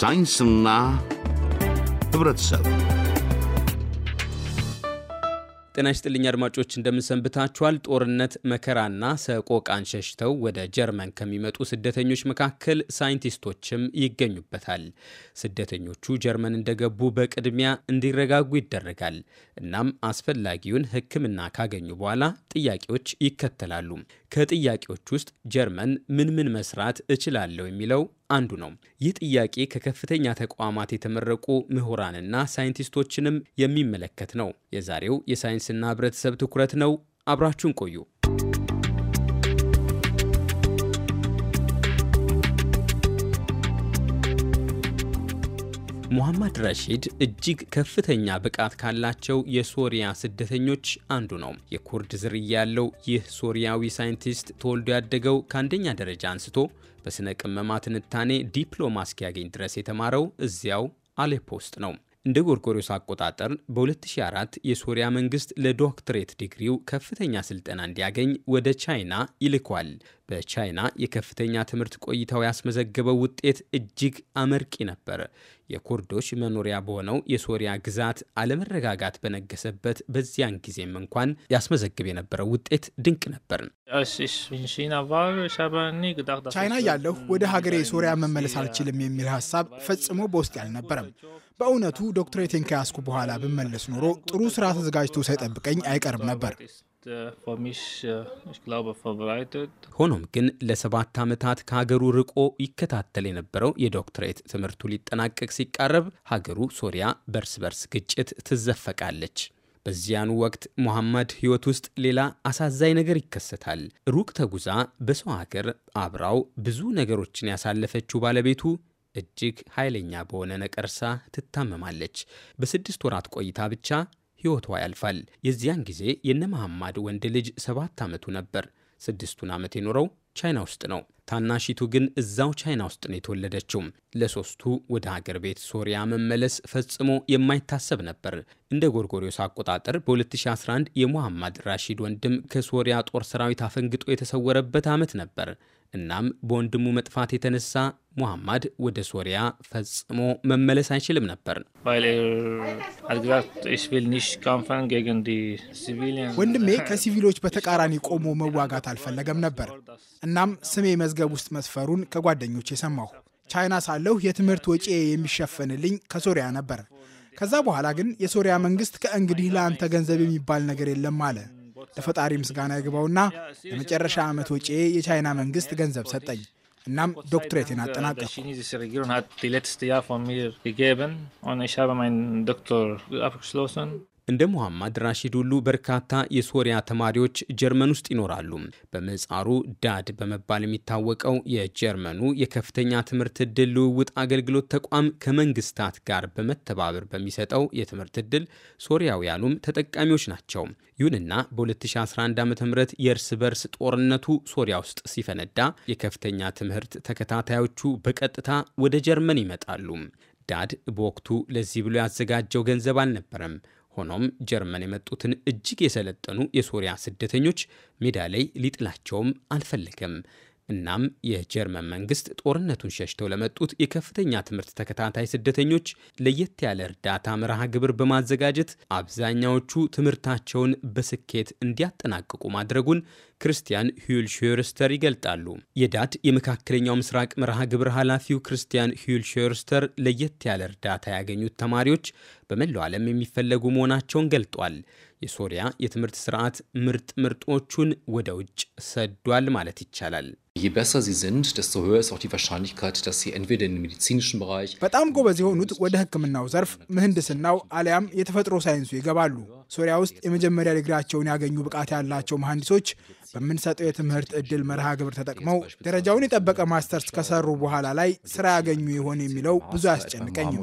ሳይንስና ህብረተሰብ ጤና ይስጥልኝ አድማጮች እንደምንሰንብታችኋል። ጦርነት መከራና ሰቆቃን ሸሽተው ወደ ጀርመን ከሚመጡ ስደተኞች መካከል ሳይንቲስቶችም ይገኙበታል። ስደተኞቹ ጀርመን እንደገቡ በቅድሚያ እንዲረጋጉ ይደረጋል። እናም አስፈላጊውን ሕክምና ካገኙ በኋላ ጥያቄዎች ይከተላሉ። ከጥያቄዎች ውስጥ ጀርመን ምን ምን መስራት እችላለሁ የሚለው አንዱ ነው። ይህ ጥያቄ ከከፍተኛ ተቋማት የተመረቁ ምሁራንና ሳይንቲስቶችንም የሚመለከት ነው። የዛሬው የሳይንስና ሕብረተሰብ ትኩረት ነው። አብራችሁን ቆዩ። ሙሐመድ ረሺድ እጅግ ከፍተኛ ብቃት ካላቸው የሶሪያ ስደተኞች አንዱ ነው። የኩርድ ዝርያ ያለው ይህ ሶሪያዊ ሳይንቲስት ተወልዶ ያደገው ከአንደኛ ደረጃ አንስቶ በሥነ ቅመማ ትንታኔ ዲፕሎማ እስኪያገኝ ድረስ የተማረው እዚያው አሌፖ ውስጥ ነው። እንደ ጎርጎሪዮስ አቆጣጠር በ2004 የሶሪያ መንግስት ለዶክትሬት ዲግሪው ከፍተኛ ስልጠና እንዲያገኝ ወደ ቻይና ይልኳል። በቻይና የከፍተኛ ትምህርት ቆይታው ያስመዘገበው ውጤት እጅግ አመርቂ ነበር። የኩርዶች መኖሪያ በሆነው የሶሪያ ግዛት አለመረጋጋት በነገሰበት በዚያን ጊዜም እንኳን ያስመዘግብ የነበረው ውጤት ድንቅ ነበር። ቻይና ያለሁ ወደ ሀገሬ ሶሪያ መመለስ አልችልም የሚል ሀሳብ ፈጽሞ በውስጥ አልነበረም። በእውነቱ ዶክትሬቴን ከያዝኩ በኋላ ብመለስ ኖሮ ጥሩ ስራ ተዘጋጅቶ ሳይጠብቀኝ አይቀርም ነበር። ሆኖም ግን ለሰባት ዓመታት ከሀገሩ ርቆ ይከታተል የነበረው የዶክትሬት ትምህርቱ ሊጠናቀቅ ሲቃረብ ሀገሩ ሶሪያ በርስ በርስ ግጭት ትዘፈቃለች። በዚያኑ ወቅት ሙሐመድ ሕይወት ውስጥ ሌላ አሳዛኝ ነገር ይከሰታል። ሩቅ ተጉዛ በሰው ሀገር አብራው ብዙ ነገሮችን ያሳለፈችው ባለቤቱ እጅግ ኃይለኛ በሆነ ነቀርሳ ትታመማለች። በስድስት ወራት ቆይታ ብቻ ሕይወቷ ያልፋል። የዚያን ጊዜ የነ መሐማድ ወንድ ልጅ ሰባት ዓመቱ ነበር። ስድስቱን ዓመት የኖረው ቻይና ውስጥ ነው። ታናሺቱ ግን እዛው ቻይና ውስጥ ነው የተወለደችው። ለሶስቱ ወደ ሀገር ቤት ሶሪያ መመለስ ፈጽሞ የማይታሰብ ነበር። እንደ ጎርጎሪዮስ አቆጣጠር በ2011 የሙሐማድ ራሺድ ወንድም ከሶሪያ ጦር ሰራዊት አፈንግጦ የተሰወረበት ዓመት ነበር። እናም በወንድሙ መጥፋት የተነሳ ሙሐማድ ወደ ሶሪያ ፈጽሞ መመለስ አይችልም ነበር። ወንድሜ ከሲቪሎች በተቃራኒ ቆሞ መዋጋት አልፈለገም ነበር። እናም ስሜ መዝገብ ውስጥ መስፈሩን ከጓደኞች የሰማሁ ቻይና ሳለሁ የትምህርት ወጪ የሚሸፈንልኝ ከሶሪያ ነበር። ከዛ በኋላ ግን የሶሪያ መንግስት ከእንግዲህ ለአንተ ገንዘብ የሚባል ነገር የለም አለ። ለፈጣሪ ምስጋና ይግባውና ለመጨረሻ ዓመት ወጪ የቻይና መንግስት ገንዘብ ሰጠኝ። እናም ዶክትሬቴን uh, አጠናቀቅኩ። እንደ ሙሐማድ ራሺድ ሁሉ በርካታ የሶሪያ ተማሪዎች ጀርመን ውስጥ ይኖራሉ። በምህጻሩ ዳድ በመባል የሚታወቀው የጀርመኑ የከፍተኛ ትምህርት እድል ልውውጥ አገልግሎት ተቋም ከመንግስታት ጋር በመተባበር በሚሰጠው የትምህርት እድል ሶሪያውያኑም ተጠቃሚዎች ናቸው። ይሁንና በ2011 ዓ ም የእርስ በርስ ጦርነቱ ሶሪያ ውስጥ ሲፈነዳ የከፍተኛ ትምህርት ተከታታዮቹ በቀጥታ ወደ ጀርመን ይመጣሉ። ዳድ በወቅቱ ለዚህ ብሎ ያዘጋጀው ገንዘብ አልነበረም። ሆኖም ጀርመን የመጡትን እጅግ የሰለጠኑ የሶሪያ ስደተኞች ሜዳ ላይ ሊጥላቸውም አልፈለገም። እናም የጀርመን መንግስት ጦርነቱን ሸሽተው ለመጡት የከፍተኛ ትምህርት ተከታታይ ስደተኞች ለየት ያለ እርዳታ መርሃ ግብር በማዘጋጀት አብዛኛዎቹ ትምህርታቸውን በስኬት እንዲያጠናቅቁ ማድረጉን ክርስቲያን ሂልሽርስተር ይገልጣሉ። የዳድ የመካከለኛው ምስራቅ መርሃ ግብር ኃላፊው ክርስቲያን ሂልሽርስተር ለየት ያለ እርዳታ ያገኙት ተማሪዎች በመላው ዓለም የሚፈለጉ መሆናቸውን ገልጧል። የሶሪያ የትምህርት ስርዓት ምርጥ ምርጦቹን ወደ ውጭ ሰዷል ማለት ይቻላል። በጣም ጎበዝ የሆኑት ወደ ሕክምናው ዘርፍ፣ ምህንድስናው አሊያም የተፈጥሮ ሳይንሱ ይገባሉ። ሶሪያ ውስጥ የመጀመሪያ ዲግሪያቸውን ያገኙ ብቃት ያላቸው መሐንዲሶች በምንሰጠው የትምህርት እድል መርሃ ግብር ተጠቅመው ደረጃውን የጠበቀ ማስተርስ ከሰሩ በኋላ ላይ ስራ ያገኙ ይሆን የሚለው ብዙ አያስጨንቀኝም።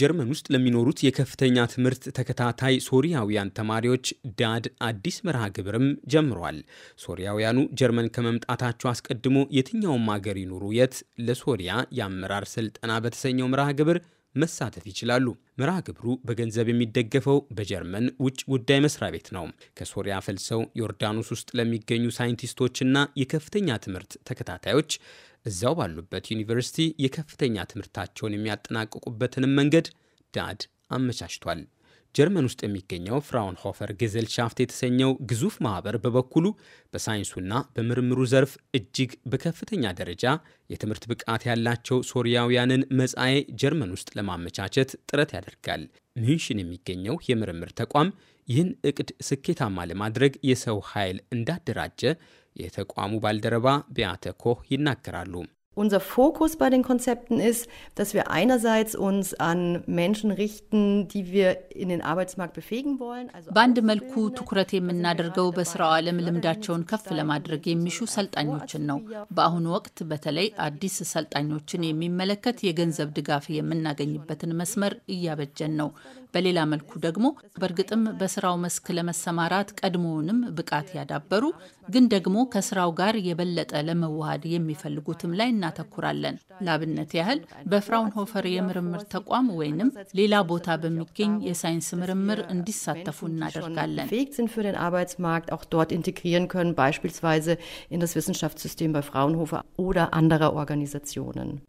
ጀርመን ውስጥ ለሚኖሩት የከፍተኛ ትምህርት ተከታታይ ሶሪያውያን ተማሪዎች ዳድ አዲስ መርሃ ግብርም ጀምሯል። ሶሪያውያኑ ጀርመን ከመምጣታቸው አስቀድሞ የትኛውም አገር ይኑሩ የት ለሶሪያ የአመራር ስልጠና በተሰኘው መርሃ ግብር መሳተፍ ይችላሉ። መርሃ ግብሩ በገንዘብ የሚደገፈው በጀርመን ውጭ ጉዳይ መስሪያ ቤት ነው። ከሶሪያ ፈልሰው ዮርዳኖስ ውስጥ ለሚገኙ ሳይንቲስቶችና የከፍተኛ ትምህርት ተከታታዮች እዛው ባሉበት ዩኒቨርሲቲ የከፍተኛ ትምህርታቸውን የሚያጠናቅቁበትንም መንገድ ዳድ አመቻችቷል። ጀርመን ውስጥ የሚገኘው ፍራውንሆፈር ሻፍት የተሰኘው ግዙፍ ማህበር በበኩሉ በሳይንሱና በምርምሩ ዘርፍ እጅግ በከፍተኛ ደረጃ የትምህርት ብቃት ያላቸው ሶሪያውያንን መጻኤ ጀርመን ውስጥ ለማመቻቸት ጥረት ያደርጋል። ሚንሽን የሚገኘው የምርምር ተቋም ይህን እቅድ ስኬታማ ለማድረግ የሰው ኃይል እንዳደራጀ የተቋሙ ባልደረባ ቢያተ ኮህ ይናገራሉ። Unser Fokus bei den Konzepten ist, dass wir einerseits uns an Menschen richten, die wir in den Arbeitsmarkt befähigen wollen. በአንድ መልኩ ትኩረት የምናደርገው በስራው ዓለም ልምዳቸውን ከፍ ለማድረግ የሚሹ ሰልጣኞችን ነው። በአሁኑ ወቅት በተለይ አዲስ ሰልጣኞችን የሚመለከት የገንዘብ ድጋፍ የምናገኝበትን መስመር እያበጀን ነው። በሌላ መልኩ ደግሞ በእርግጥም በስራው መስክ ለመሰማራት ቀድሞውንም ብቃት ያዳበሩ ግን ደግሞ ከስራው ጋር የበለጠ ለመዋሃድ የሚፈልጉትም ላይ እናተኩራለን። ላብነት ያህል በፍራውንሆፈር የምርምር ተቋም ወይንም ሌላ ቦታ በሚገኝ የሳይንስ ምርምር እንዲሳተፉ እናደርጋለን።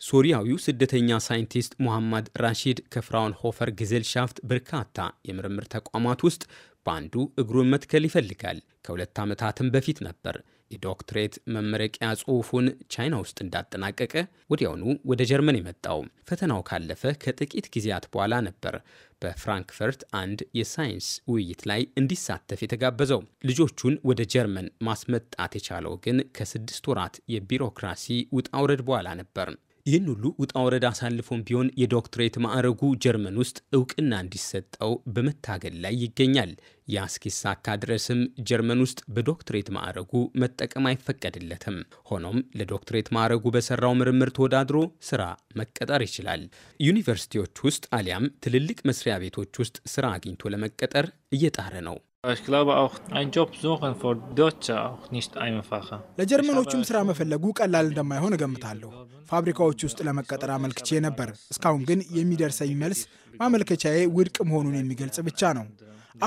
ሶሪያዊው ስደተኛ ሳይንቲስት ሙሐመድ ራሺድ ከፍራውንሆፈር ጊዜልሻፍት በርካታ የምርምር ተቋማት ውስጥ በአንዱ እግሩን መትከል ይፈልጋል። ከሁለት ዓመታትም በፊት ነበር የዶክትሬት መመረቂያ ጽሑፉን ቻይና ውስጥ እንዳጠናቀቀ ወዲያውኑ ወደ ጀርመን የመጣው ፈተናው ካለፈ ከጥቂት ጊዜያት በኋላ ነበር በፍራንክፈርት አንድ የሳይንስ ውይይት ላይ እንዲሳተፍ የተጋበዘው። ልጆቹን ወደ ጀርመን ማስመጣት የቻለው ግን ከስድስት ወራት የቢሮክራሲ ውጣውረድ በኋላ ነበር። ይህን ሁሉ ውጣ ወረድ አሳልፎም ቢሆን የዶክትሬት ማዕረጉ ጀርመን ውስጥ እውቅና እንዲሰጠው በመታገል ላይ ይገኛል። የአስኪሳካ ድረስም ጀርመን ውስጥ በዶክትሬት ማዕረጉ መጠቀም አይፈቀድለትም። ሆኖም ለዶክትሬት ማዕረጉ በሰራው ምርምር ተወዳድሮ ስራ መቀጠር ይችላል። ዩኒቨርሲቲዎች ውስጥ አሊያም ትልልቅ መስሪያ ቤቶች ውስጥ ስራ አግኝቶ ለመቀጠር እየጣረ ነው። Ich glaube auch, einen Job suchen für Deutsche auch nicht einfacher. ለጀርመኖቹም ስራ መፈለጉ ቀላል እንደማይሆን እገምታለሁ። ፋብሪካዎች ውስጥ ለመቀጠር አመልክቼ ነበር። እስካሁን ግን የሚደርሰኝ መልስ ማመልከቻዬ ውድቅ መሆኑን የሚገልጽ ብቻ ነው።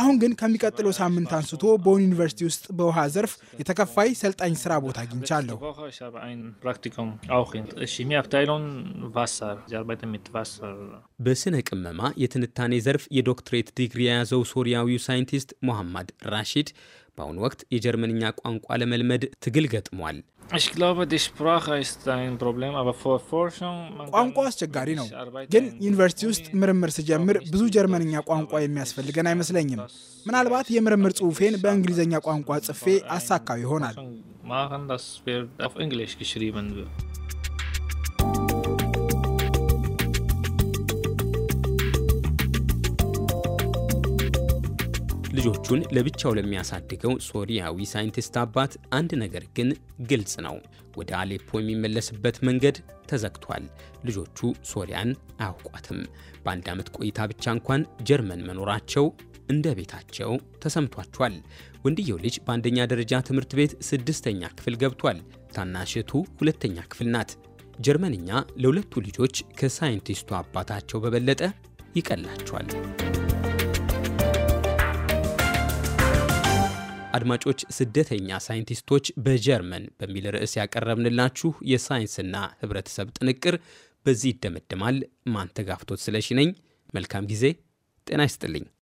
አሁን ግን ከሚቀጥለው ሳምንት አንስቶ በሆን ዩኒቨርሲቲ ውስጥ በውሃ ዘርፍ የተከፋይ ሰልጣኝ ስራ ቦታ አግኝቻለሁ። በስነ ቅመማ የትንታኔ ዘርፍ የዶክትሬት ዲግሪ የያዘው ሶሪያዊው ሳይንቲስት ሞሐማድ ራሺድ በአሁኑ ወቅት የጀርመንኛ ቋንቋ ለመልመድ ትግል ገጥሟል። ቋንቋ አስቸጋሪ ነው፣ ግን ዩኒቨርሲቲ ውስጥ ምርምር ስጀምር ብዙ ጀርመንኛ ቋንቋ የሚያስፈልገን አይመስለኝም። ምናልባት የምርምር ጽሑፌን በእንግሊዝኛ ቋንቋ ጽፌ አሳካው ይሆናል። ልጆቹን ለብቻው ለሚያሳድገው ሶሪያዊ ሳይንቲስት አባት አንድ ነገር ግን ግልጽ ነው። ወደ አሌፖ የሚመለስበት መንገድ ተዘግቷል። ልጆቹ ሶሪያን አያውቋትም። በአንድ ዓመት ቆይታ ብቻ እንኳን ጀርመን መኖራቸው እንደ ቤታቸው ተሰምቷቸዋል። ወንድየው ልጅ በአንደኛ ደረጃ ትምህርት ቤት ስድስተኛ ክፍል ገብቷል። ታናሽቱ ሁለተኛ ክፍል ናት። ጀርመንኛ ለሁለቱ ልጆች ከሳይንቲስቱ አባታቸው በበለጠ ይቀላቸዋል። አድማጮች፣ ስደተኛ ሳይንቲስቶች በጀርመን በሚል ርዕስ ያቀረብንላችሁ የሳይንስና ህብረተሰብ ጥንቅር በዚህ ይደመድማል። ማንተጋፍቶት ስለሺ ነኝ። መልካም ጊዜ። ጤና ይስጥልኝ።